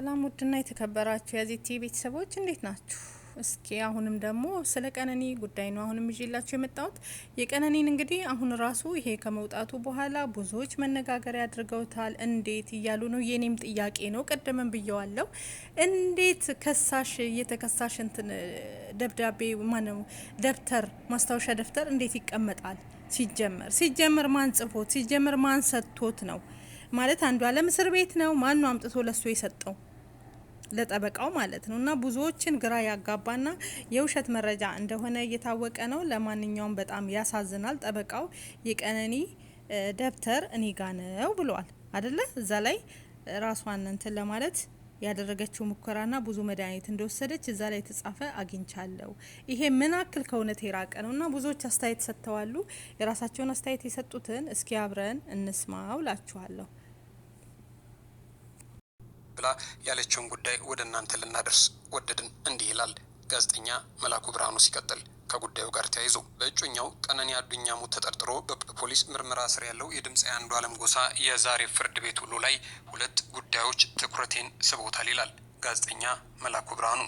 ሰላም ውድና የተከበራችሁ ቲቪ ቤተሰቦች እንዴት ናችሁ? እስኪ አሁንም ደግሞ ስለ ቀነኒ ጉዳይ ነው አሁንም ይዤላችሁ የመጣሁት። የቀነኒን እንግዲህ አሁን ራሱ ይሄ ከመውጣቱ በኋላ ብዙዎች መነጋገሪያ አድርገውታል። እንዴት እያሉ ነው። የኔም ጥያቄ ነው፣ ቀደመን ብየዋለሁ። እንዴት ከሳሽ የተከሳሽ እንትን ደብዳቤ ማነው ደብተር ማስታወሻ ደብተር እንዴት ይቀመጣል? ሲጀመር ሲጀመር ማን ጽፎት ሲጀመር ማን ሰጥቶት ነው ማለት አንዷ አለም እስር ቤት ነው። ማን አምጥቶ ለሱ የሰጠው ለጠበቃው ማለት ነው እና ብዙዎችን ግራ ያጋባና የውሸት መረጃ እንደሆነ እየታወቀ ነው። ለማንኛውም በጣም ያሳዝናል። ጠበቃው የቀነኒ ደብተር እኔ ጋ ነው ብሏል አደለ? እዛ ላይ ራሷን እንትን ለማለት ያደረገችው ሙከራና ብዙ መድኃኒት እንደወሰደች እዛ ላይ የተጻፈ አግኝቻለሁ። ይሄ ምን አክል ከእውነት የራቀ ነው እና ብዙዎች አስተያየት ሰጥተዋሉ። የራሳቸውን አስተያየት የሰጡትን እስኪ አብረን እንስማው ላችኋለሁ። ብላ ያለችውን ጉዳይ ወደ እናንተ ልናደርስ ወደድን። እንዲህ ይላል ጋዜጠኛ መላኩ ብርሃኑ ሲቀጥል ከጉዳዩ ጋር ተያይዞ በእጩኛው ቀነኒ አዱኛ ሞት ተጠርጥሮ በፖሊስ ምርመራ ስር ያለው አንዱ አለም ጎሳ የዛሬ ፍርድ ቤት ውሎ ላይ ሁለት ጉዳዮች ትኩረቴን ስቦታል ይላል። ጋዜጠኛ መላኩ ብርሃኑ።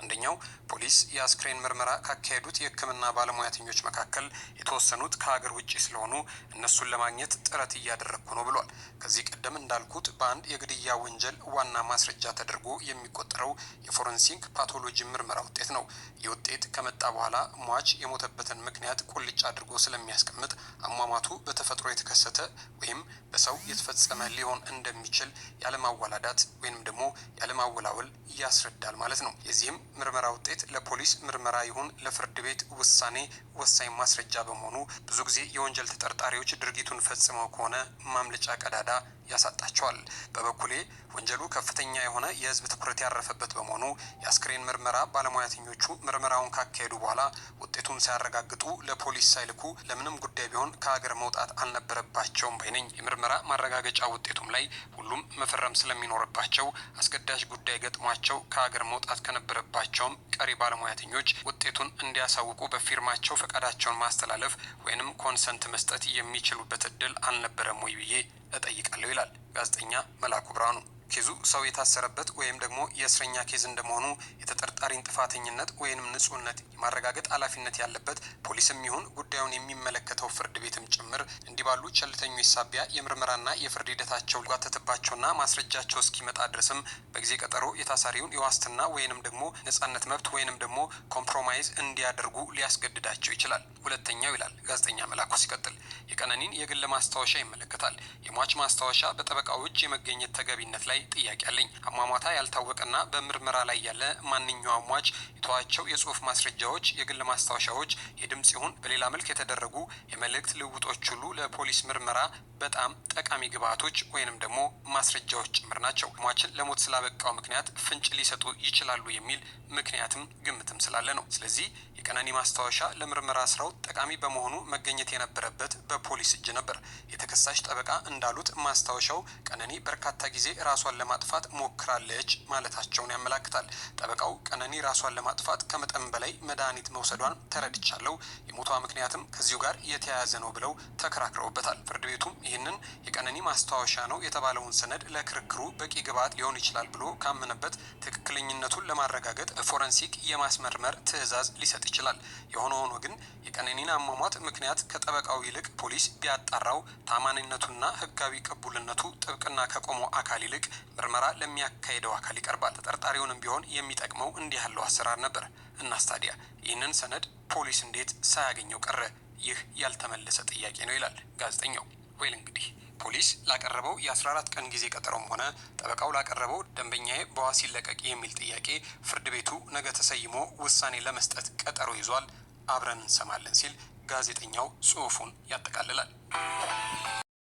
አንደኛው ፖሊስ የአስክሬን ምርመራ ካካሄዱት የሕክምና ባለሙያተኞች መካከል የተወሰኑት ከሀገር ውጭ ስለሆኑ እነሱን ለማግኘት ጥረት እያደረግኩ ነው ብሏል። ከዚህ ቀደም እንዳልኩት በአንድ የግድያ ወንጀል ዋና ማስረጃ ተደርጎ የሚቆጠረው የፎረንሲክ ፓቶሎጂ ምርመራ ውጤት ነው። ይህ ውጤት ከመጣ በኋላ ሟች የሞተበትን ምክንያት ቁልጭ አድርጎ ስለሚያስቀምጥ አሟሟቱ በተፈጥሮ የተከሰተ ወይም በሰው የተፈጸመ ሊሆን እንደሚችል ያለማዋላዳት ወይም ደግሞ ያለማወላወ እንደሚያውል ያስረዳል ማለት ነው። የዚህም ምርመራ ውጤት ለፖሊስ ምርመራ ይሁን ለፍርድ ቤት ውሳኔ ወሳኝ ማስረጃ በመሆኑ ብዙ ጊዜ የወንጀል ተጠርጣሪዎች ድርጊቱን ፈጽመው ከሆነ ማምለጫ ቀዳዳ ያሳጣቸዋል። በበኩሌ ወንጀሉ ከፍተኛ የሆነ የህዝብ ትኩረት ያረፈበት በመሆኑ የአስክሬን ምርመራ ባለሙያተኞቹ ምርመራውን ካካሄዱ በኋላ ውጤቱን ሳያረጋግጡ ለፖሊስ ሳይልኩ ለምንም ጉዳይ ቢሆን ከሀገር መውጣት አልነበረባቸውም ባይ ነኝ። የምርመራ ማረጋገጫ ውጤቱም ላይ ሁሉም መፈረም ስለሚኖርባቸው አስገዳጅ ጉዳይ ገጥሟቸው ከሀገር መውጣት ከነበረባቸውም ቀሪ ባለሙያተኞች ውጤቱን እንዲያሳውቁ በፊርማቸው ፈቃዳቸውን ማስተላለፍ ወይንም ኮንሰንት መስጠት የሚችሉበት እድል አልነበረም ወይ ብዬ እጠይቃለሁ ይላል ጋዜጠኛ መላኩ ብርሃኑ። ኬዙ ሰው የታሰረበት ወይም ደግሞ የእስረኛ ኬዝ እንደመሆኑ የተጠርጣሪን ጥፋተኝነት ወይንም ንጹህነት የማረጋገጥ ኃላፊነት ያለበት ፖሊስም ይሁን ጉዳዩን የሚመለከተው ፍርድ ቤትም ጭምር እንዲህ ባሉ ቸልተኞች ሳቢያ የምርመራና የፍርድ ሂደታቸው ሊጓተትባቸውና ማስረጃቸው እስኪመጣ ድረስም በጊዜ ቀጠሮ የታሳሪውን የዋስትና ወይንም ደግሞ ነጻነት መብት ወይንም ደግሞ ኮምፕሮማይዝ እንዲያደርጉ ሊያስገድዳቸው ይችላል። ሁለተኛው ይላል ጋዜጠኛ መላኩ ሲቀጥል የቀነኒን የግል ማስታወሻ ይመለከታል። የሟች ማስታወሻ በጠበቃው እጅ የመገኘት ተገቢነት ላይ ጥያቄ አለኝ። አሟሟታ ያልታወቀና በምርመራ ላይ ያለ ማንኛውም ሟች የተዋቸው የጽሁፍ ማስረጃዎች፣ የግል ማስታወሻዎች፣ የድምፅ ይሁን በሌላ መልክ የተደረጉ የመልእክት ልውጦች ሁሉ ለፖሊስ ምርመራ በጣም ጠቃሚ ግብአቶች ወይንም ደግሞ ማስረጃዎች ጭምር ናቸው። ሟችን ለሞት ስላበቃው ምክንያት ፍንጭ ሊሰጡ ይችላሉ የሚል ምክንያትም ግምትም ስላለ ነው። ስለዚህ የቀነኒ ማስታወሻ ለምርመራ ስራው ጠቃሚ በመሆኑ መገኘት የነበረበት በፖሊስ እጅ ነበር። የተከሳሽ ጠበቃ እንዳሉት ማስታወሻው ቀነኒ በርካታ ጊዜ ራሷን ለማጥፋት ሞክራለች ማለታቸውን ያመላክታል። ጠበቃው ቀነኒ ራሷን ለማጥፋት ከመጠን በላይ መድኃኒት መውሰዷን ተረድቻለሁ፣ የሞቷ ምክንያትም ከዚሁ ጋር የተያያዘ ነው ብለው ተከራክረውበታል። ፍርድ ቤቱም ይህንን የቀነኒ ማስታወሻ ነው የተባለውን ሰነድ ለክርክሩ በቂ ግብዓት ሊሆን ይችላል ብሎ ካመነበት ትክክለኝነቱን ለማረጋገጥ ፎረንሲክ የማስመርመር ትዕዛዝ ሊሰጥ ይችላል። የሆነ ሆኖ ግን የቀነኒን አሟሟት ምክንያት ከጠበቃው ይልቅ ፖሊስ ቢያጣራው ታማኝነቱና ሕጋዊ ቅቡልነቱ ጥብቅና ከቆመው አካል ይልቅ ምርመራ ለሚያካሄደው አካል ይቀርባል። ተጠርጣሪውንም ቢሆን የሚጠቅመው እንዲህ ያለው አሰራር ነበር። እናስ ታዲያ ይህንን ሰነድ ፖሊስ እንዴት ሳያገኘው ቀረ? ይህ ያልተመለሰ ጥያቄ ነው ይላል ጋዜጠኛው። ወይል እንግዲህ ፖሊስ ላቀረበው የ14 ቀን ጊዜ ቀጠሮም ሆነ ጠበቃው ላቀረበው ደንበኛዬ በዋስ ይለቀቅ የሚል ጥያቄ ፍርድ ቤቱ ነገ ተሰይሞ ውሳኔ ለመስጠት ቀጠሮ ይዟል። አብረን እንሰማለን ሲል ጋዜጠኛው ጽሁፉን ያጠቃልላል።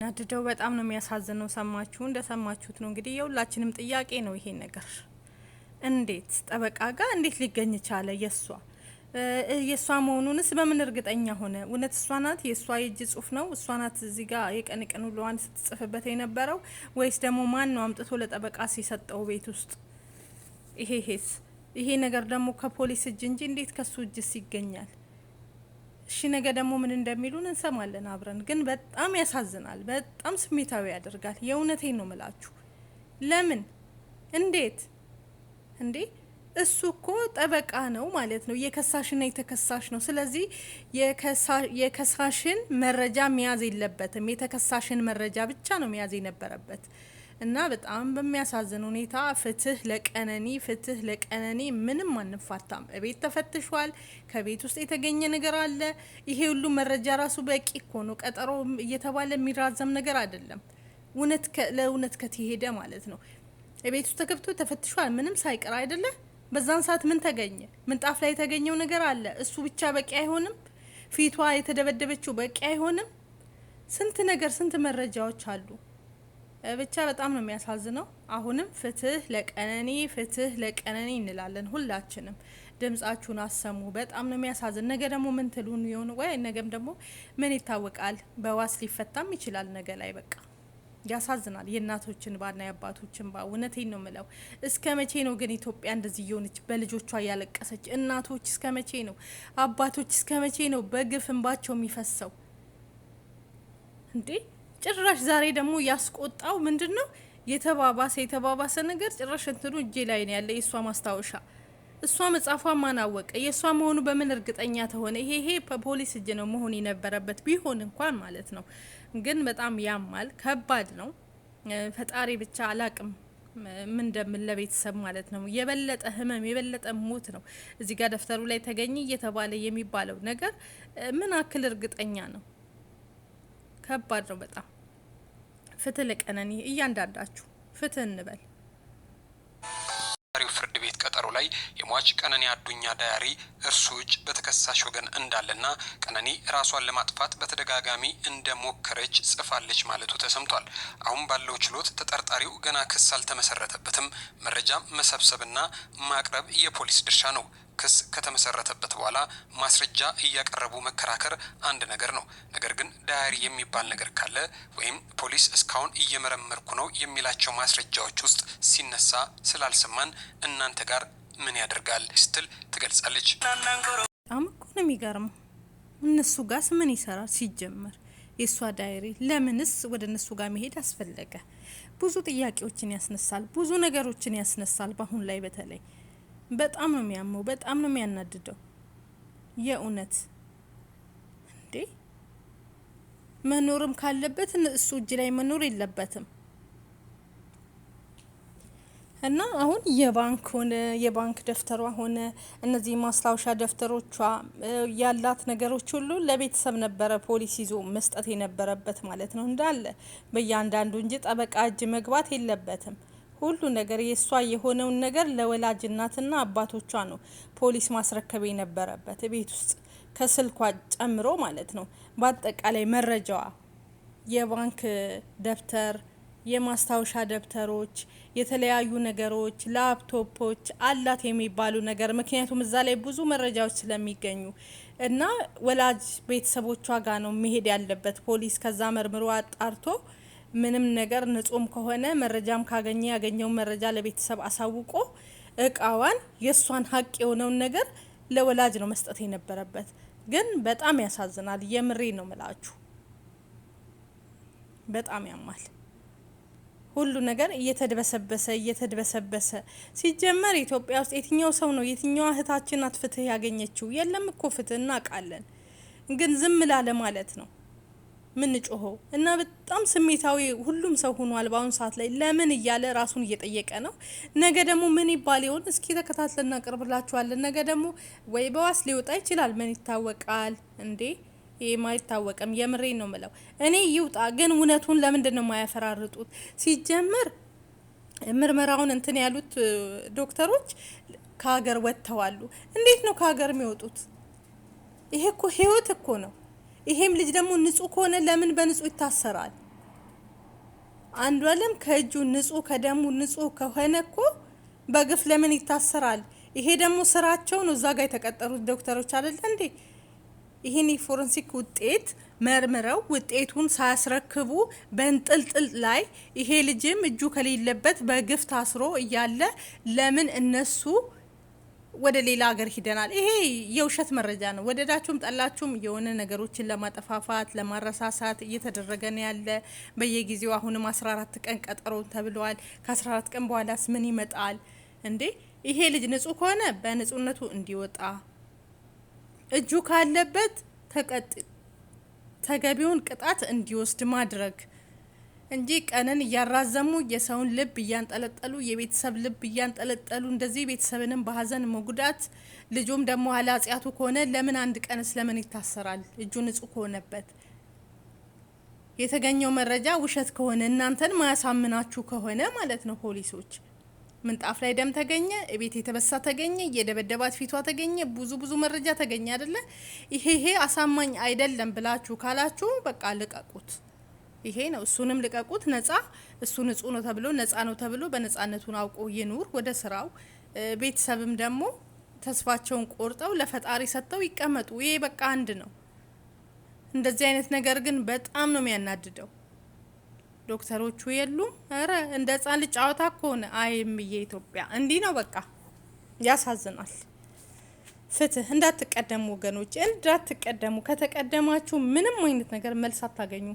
ናድደው በጣም ነው የሚያሳዝነው። ሰማችሁ፣ እንደሰማችሁት ነው እንግዲህ የሁላችንም ጥያቄ ነው ይሄን ነገር እንዴት ጠበቃ ጋር እንዴት ሊገኝ ቻለ የእሷ የእሷ መሆኑንስ በምን እርግጠኛ ሆነ? እውነት እሷ ናት? የእሷ የእጅ ጽሁፍ ነው? እሷ ናት እዚህ ጋር የቀን ቀን ውሎዋን ስትጽፍበት የነበረው ወይስ ደግሞ ማን ነው አምጥቶ ለጠበቃ ሲሰጠው ቤት ውስጥ? ይሄ ሄስ ይሄ ነገር ደግሞ ከፖሊስ እጅ እንጂ እንዴት ከሱ እጅስ ይገኛል? እሺ ነገ ደግሞ ምን እንደሚሉን እንሰማለን አብረን። ግን በጣም ያሳዝናል፣ በጣም ስሜታዊ ያደርጋል። የእውነቴን ነው ምላችሁ። ለምን እንዴት እንዴ እሱ እኮ ጠበቃ ነው ማለት ነው። የከሳሽና የተከሳሽ ነው። ስለዚህ የከሳሽን መረጃ መያዝ የለበትም። የተከሳሽን መረጃ ብቻ ነው መያዝ የነበረበት እና በጣም በሚያሳዝን ሁኔታ ፍትህ ለቀነኒ ፍትህ ለቀነኒ ምንም አንፋታም። እቤት ተፈትሿል። ከቤት ውስጥ የተገኘ ነገር አለ። ይሄ ሁሉ መረጃ ራሱ በቂ እኮ ነው። ቀጠሮ እየተባለ የሚራዘም ነገር አይደለም። እውነት ለእውነት ከተሄደ ማለት ነው። እቤት ውስጥ ተገብቶ ተፈትሿል። ምንም ሳይቀር አይደለም በዛን ሰዓት ምን ተገኘ? ምንጣፍ ላይ የተገኘው ነገር አለ። እሱ ብቻ በቂ አይሆንም። ፊቷ የተደበደበችው በቂ አይሆንም። ስንት ነገር ስንት መረጃዎች አሉ። ብቻ በጣም ነው የሚያሳዝነው። አሁንም ፍትህ ለቀነኒ ፍትህ ለቀነኒ እንላለን ሁላችንም። ድምጻችሁን አሰሙ። በጣም ነው የሚያሳዝን። ነገ ደግሞ ምን ትሉን ይሆን ወይ? ነገም ደግሞ ምን ይታወቃል። በዋስ ሊፈታም ይችላል ነገ ላይ በቃ ያሳዝናል። የእናቶችን ባና የአባቶችን ባ እውነቴን ነው ምለው። እስከ መቼ ነው ግን ኢትዮጵያ እንደዚህ እየሆነች በልጆቿ እያለቀሰች? እናቶች እስከ መቼ ነው? አባቶች እስከ መቼ ነው በግፍ እንባቸው የሚፈሰው? እንዴ ጭራሽ ዛሬ ደግሞ ያስቆጣው ምንድን ነው? የተባባሰ የተባባሰ ነገር ጭራሽ እንትኑ እጄ ላይ ነው ያለ የእሷ ማስታወሻ እሷ መጻፏ ማን አወቀ? የእሷ መሆኑ በምን እርግጠኛ ተሆነ? ይሄ ይሄ በፖሊስ እጅ ነው መሆን የነበረበት ቢሆን እንኳን ማለት ነው። ግን በጣም ያማል፣ ከባድ ነው። ፈጣሪ ብቻ አላቅም ምን እንደምን ለቤተሰብ ማለት ነው። የበለጠ ህመም የበለጠ ሞት ነው። እዚህ ጋር ደብተሩ ላይ ተገኘ እየተባለ የሚባለው ነገር ምን አክል እርግጠኛ ነው? ከባድ ነው በጣም ፍትህ ለቀነኒ እያንዳንዳችሁ ፍትህ እንበል። ላይ የሟች ቀነኒ አዱኛ ዳያሪ እርሱ እጅ በተከሳሽ ወገን እንዳለና ቀነኒ ራሷን ለማጥፋት በተደጋጋሚ እንደሞከረች ጽፋለች ማለቱ ተሰምቷል። አሁን ባለው ችሎት ተጠርጣሪው ገና ክስ አልተመሰረተበትም። መረጃ መሰብሰብና ማቅረብ የፖሊስ ድርሻ ነው። ክስ ከተመሰረተበት በኋላ ማስረጃ እያቀረቡ መከራከር አንድ ነገር ነው። ነገር ግን ዳያሪ የሚባል ነገር ካለ ወይም ፖሊስ እስካሁን እየመረመርኩ ነው የሚላቸው ማስረጃዎች ውስጥ ሲነሳ ስላልሰማን እናንተ ጋር ምን ያደርጋል ስትል ትገልጻለች። በጣም እኮ ነው የሚገርመው። እነሱ ጋስ ምን ይሰራል ሲጀመር የእሷ ዳይሪ ለምንስ ወደ እነሱ ጋር መሄድ አስፈለገ? ብዙ ጥያቄዎችን ያስነሳል፣ ብዙ ነገሮችን ያስነሳል። በአሁን ላይ በተለይ በጣም ነው የሚያመው፣ በጣም ነው የሚያናድደው። የእውነት እንዴ መኖርም ካለበት እሱ እጅ ላይ መኖር የለበትም። እና አሁን የባንክ ሆነ የባንክ ደብተሯ ሆነ እነዚህ ማስታወሻ ደብተሮቿ ያላት ነገሮች ሁሉ ለቤተሰብ ነበረ ፖሊስ ይዞ መስጠት የነበረበት ማለት ነው። እንዳለ በእያንዳንዱ እንጂ ጠበቃ እጅ መግባት የለበትም። ሁሉ ነገር የእሷ የሆነውን ነገር ለወላጅ እናትና አባቶቿ ነው ፖሊስ ማስረከብ የነበረበት ቤት ውስጥ ከስልኳ ጨምሮ ማለት ነው። በአጠቃላይ መረጃዋ የባንክ ደብተር የማስታወሻ ደብተሮች፣ የተለያዩ ነገሮች፣ ላፕቶፖች አላት የሚባሉ ነገር ምክንያቱም እዛ ላይ ብዙ መረጃዎች ስለሚገኙ እና ወላጅ ቤተሰቦቿ ጋር ነው መሄድ ያለበት ፖሊስ ከዛ መርምሮ አጣርቶ ምንም ነገር ንጹም ከሆነ መረጃም ካገኘ ያገኘውን መረጃ ለቤተሰብ አሳውቆ እቃዋን የእሷን ሀቅ የሆነውን ነገር ለወላጅ ነው መስጠት የነበረበት። ግን በጣም ያሳዝናል። የምሬ ነው ምላችሁ፣ በጣም ያማል። ሁሉ ነገር እየተድበሰበሰ እየተድበሰበሰ ሲጀመር ኢትዮጵያ ውስጥ የትኛው ሰው ነው የትኛዋ እህታችን ናት ፍትህ ያገኘችው? የለም እኮ ፍትህ እናውቃለን፣ ግን ዝም ላለ ማለት ነው ምን ጮኸው እና በጣም ስሜታዊ ሁሉም ሰው ሆኗል። በአሁኑ ሰዓት ላይ ለምን እያለ ራሱን እየጠየቀ ነው። ነገ ደግሞ ምን ይባል ይሆን? እስኪ ተከታትለን እናቀርብላችኋለን። ነገ ደግሞ ወይ በዋስ ሊወጣ ይችላል። ምን ይታወቃል እንዴ? ይሄም አይታወቅም። የምሬን ነው ምለው እኔ ይውጣ። ግን እውነቱን ለምንድን ነው የማያፈራርጡት? ሲጀመር ምርመራውን እንትን ያሉት ዶክተሮች ከሀገር ወጥተዋሉ። እንዴት ነው ከሀገር የሚወጡት? ይሄ እኮ ህይወት እኮ ነው። ይሄም ልጅ ደግሞ ንጹህ ከሆነ ለምን በንጹህ ይታሰራል? አንዱ አለም ከእጁ ንጹህ ከደሙ ንጹህ ከሆነ እኮ በግፍ ለምን ይታሰራል? ይሄ ደግሞ ስራቸው ነው። እዛ ጋር የተቀጠሩት ዶክተሮች አይደለ እንዴ? ይህን የፎረንሲክ ውጤት መርምረው ውጤቱን ሳያስረክቡ በእንጥልጥል ላይ ይሄ ልጅም እጁ ከሌለበት በግፍ ታስሮ እያለ ለምን እነሱ ወደ ሌላ ሀገር ሂደናል? ይሄ የውሸት መረጃ ነው። ወደዳችሁም ጠላችሁም የሆነ ነገሮችን ለማጠፋፋት ለማረሳሳት እየተደረገ ነው ያለ በየጊዜው አሁንም 14 ቀን ቀጠሮ ተብለዋል። ከ14 ቀን በኋላስ ምን ይመጣል እንዴ? ይሄ ልጅ ንጹህ ከሆነ በንጹህነቱ እንዲወጣ እጁ ካለበት ተገቢውን ቅጣት እንዲወስድ ማድረግ እንጂ ቀንን እያራዘሙ የሰውን ልብ እያንጠለጠሉ የቤተሰብ ልብ እያንጠለጠሉ እንደዚህ ቤተሰብንም በሀዘን መጉዳት ልጁም ደግሞ አላጽያቱ ከሆነ ለምን አንድ ቀን ስለምን ይታሰራል? እጁ ንጹህ ከሆነበት የተገኘው መረጃ ውሸት ከሆነ እናንተን ማያሳምናችሁ ከሆነ ማለት ነው ፖሊሶች ምንጣፍ ላይ ደም ተገኘ፣ እቤት የተበሳ ተገኘ፣ የደበደባት ፊቷ ተገኘ፣ ብዙ ብዙ መረጃ ተገኘ አይደለ? ይሄ ይሄ አሳማኝ አይደለም ብላችሁ ካላችሁ በቃ ልቀቁት። ይሄ ነው። እሱንም ልቀቁት። ነጻ እሱ ንጹህ ነው ተብሎ ነጻ ነው ተብሎ በነጻነቱን አውቆ ይኑር ወደ ስራው። ቤተሰብም ደግሞ ተስፋቸውን ቆርጠው ለፈጣሪ ሰጥተው ይቀመጡ። ይሄ በቃ አንድ ነው። እንደዚህ አይነት ነገር ግን በጣም ነው የሚያናድደው። ዶክተሮቹ የሉም። ኧረ እንደ ህጻን ልጅ ጨዋታ ከሆነ አይም ኢትዮጵያ እንዲህ ነው በቃ ያሳዝናል። ፍትህ እንዳትቀደሙ ወገኖች፣ እንዳትቀደሙ። ከተቀደማችሁ ምንም አይነት ነገር መልስ አታገኙ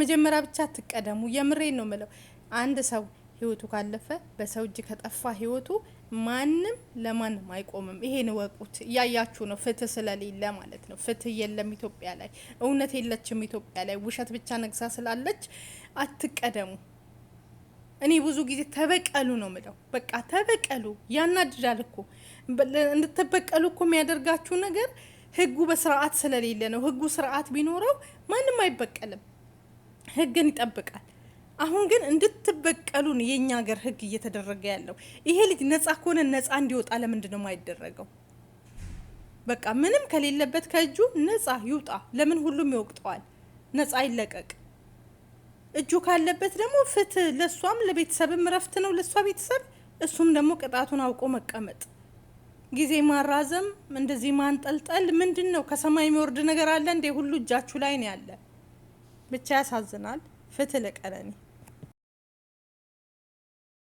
መጀመሪያ ብቻ አትቀደሙ። የምሬን ነው ምለው። አንድ ሰው ህይወቱ ካለፈ በሰው እጅ ከጠፋ ህይወቱ ማንም ለማንም አይቆምም። ይሄን ወቁት እያያችሁ ነው፣ ፍትህ ስለሌለ ማለት ነው። ፍትህ የለም ኢትዮጵያ ላይ፣ እውነት የለችም ኢትዮጵያ ላይ። ውሸት ብቻ ነግሳ ስላለች አትቀደሙ። እኔ ብዙ ጊዜ ተበቀሉ ነው ምለው። በቃ ተበቀሉ። ያናድዳል እኮ እንድትበቀሉ እኮ የሚያደርጋችሁ ነገር ህጉ በስርዓት ስለሌለ ነው። ህጉ ስርዓት ቢኖረው ማንም አይበቀልም፣ ህግን ይጠብቃል። አሁን ግን እንድትበቀሉ ነው የእኛ ሀገር ህግ እየተደረገ ያለው። ይሄ ልጅ ነጻ ከሆነ ነጻ እንዲወጣ ለምንድን ነው የማይደረገው? በቃ ምንም ከሌለበት ከእጁ ነጻ ይውጣ። ለምን ሁሉም ይወቅጠዋል? ነጻ ይለቀቅ። እጁ ካለበት ደግሞ ፍትህ ለእሷም ለቤተሰብም እረፍት ነው ለእሷ ቤተሰብ፣ እሱም ደግሞ ቅጣቱን አውቆ መቀመጥ። ጊዜ ማራዘም፣ እንደዚህ ማንጠልጠል ምንድን ነው? ከሰማይ የሚወርድ ነገር አለ እንዴ? ሁሉ እጃችሁ ላይ ነው ያለ። ብቻ ያሳዝናል። ፍትህ ለቀነኔ።